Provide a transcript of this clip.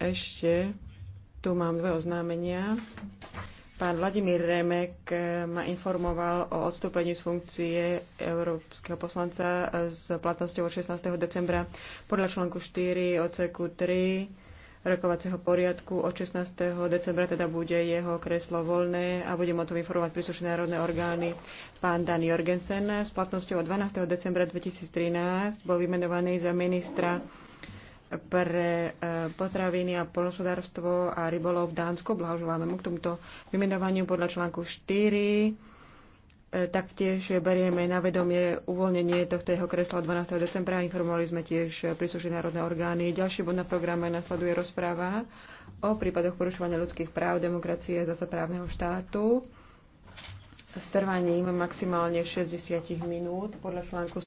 Ešte tu mám dve oznámenia. Pán Vladimír Remek ma informoval o odstúpení z funkcie európskeho poslanca s platnosťou od 16. decembra podľa článku 4 odseku 3 rokovacieho poriadku od 16. decembra teda bude jeho kreslo voľné a budem o tom informovať príslušné národné orgány. Pán Dan Jorgensen s platnosťou od 12. decembra 2013 bol vymenovaný za ministra pre eh, potraviny a polnospodárstvo a rybolov v Dánsku. Blahoželáme mu k tomuto vymenovaniu podľa článku 4. Eh, taktiež berieme na vedomie uvoľnenie tohto jeho kresla 12. decembra. Informovali sme tiež príslušné národné orgány. Ďalší bod na programe nasleduje rozpráva o prípadoch porušovania ľudských práv, demokracie a zase právneho štátu s trvaním maximálne 60 minút podľa článku